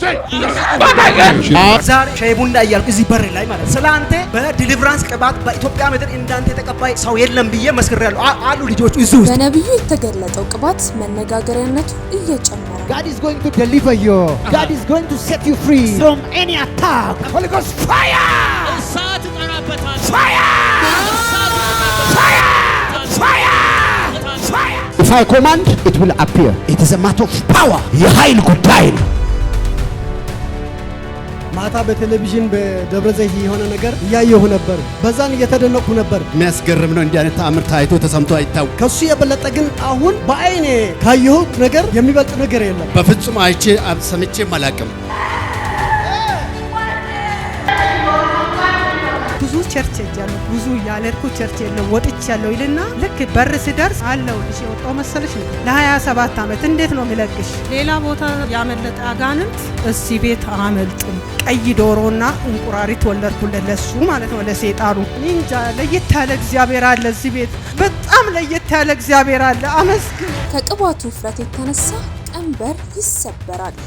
ዛሬ ሻይ ቡና እያልኩ እዚህ በር ላይ ማለት ስለ አንተ በዲሊቨራንስ ቅባት በኢትዮጵያ ምድር እንዳንተ የተቀባይ ሰው የለም ብዬ መስክሬያለሁ አሉ ልጆቹ እዚህ ውስጥ። በነቢዩ የተገለጠው ቅባት መነጋገሪያነቱ እየጨመረ God is going to deliver you. God is going to set you free from any attack. Holy Ghost fire! Fire! Fire! Fire! If I command, it will appear. It is a matter of power. የኃይል ጉዳይ ነው። ማታ በቴሌቪዥን ዘይት የሆነ ነገር እያየሁ ነበር። በዛን እየተደነቁ ነበር። የሚያስገርም ነው። እንዲህ አይነት ተአምር ታይቶ ተሰምቶ አይታወቅ። ከሱ የበለጠ ግን አሁን በአይኔ ካየሁት ነገር የሚበልጥ ነገር የለም። በፍጹም አይቼ ሰምቼም አላቅም። ብዙ ቸርች ሄጃለሁ፣ ብዙ ያለርኩ ቸርች የለው ወጥች ያለው ይልና ልክ በር ስደርስ አለሁልሽ የወጣው መሰለሽ ነው። ለ27 ዓመት እንዴት ነው የሚለግሽ? ሌላ ቦታ ያመለጠ አጋንንት እዚህ ቤት አመልጥም። ቀይ ዶሮና እንቁራሪት ወለድኩለት ለሱ ማለት ነው ለሴጣኑ። እንጃ ለየት ያለ እግዚአብሔር አለ እዚህ ቤት፣ በጣም ለየት ያለ እግዚአብሔር አለ። አመስግን። ከቅባቱ ውፍረት የተነሳ ቀንበር ይሰበራል።